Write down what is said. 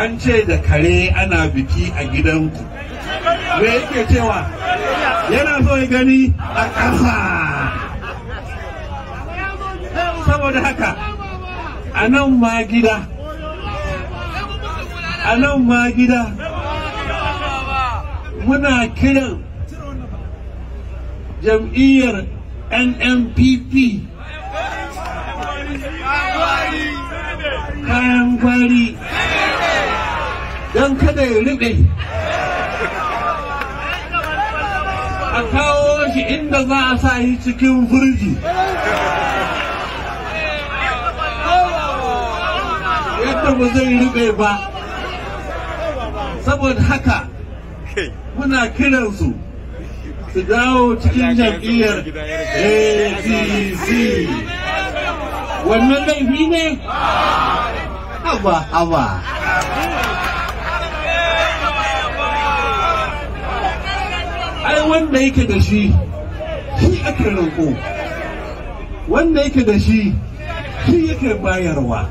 an ce da kare ana biki a gidanku me yake cewa yana so ya gani a ƙasa saboda haka a nan ma gida a nan ma gida muna kiran jam'iyyar nnpp kayan gwari don kada ya rube a kawo shi inda za a sa yi cikin firji yadda ba zai rube ba saboda haka muna kiransu su dawo cikin jam'iyyar APC wannan laifi ne? Haba, haba. ai wanda yake da shi shi ake roƙo wanda yake da shi shi yake bayarwa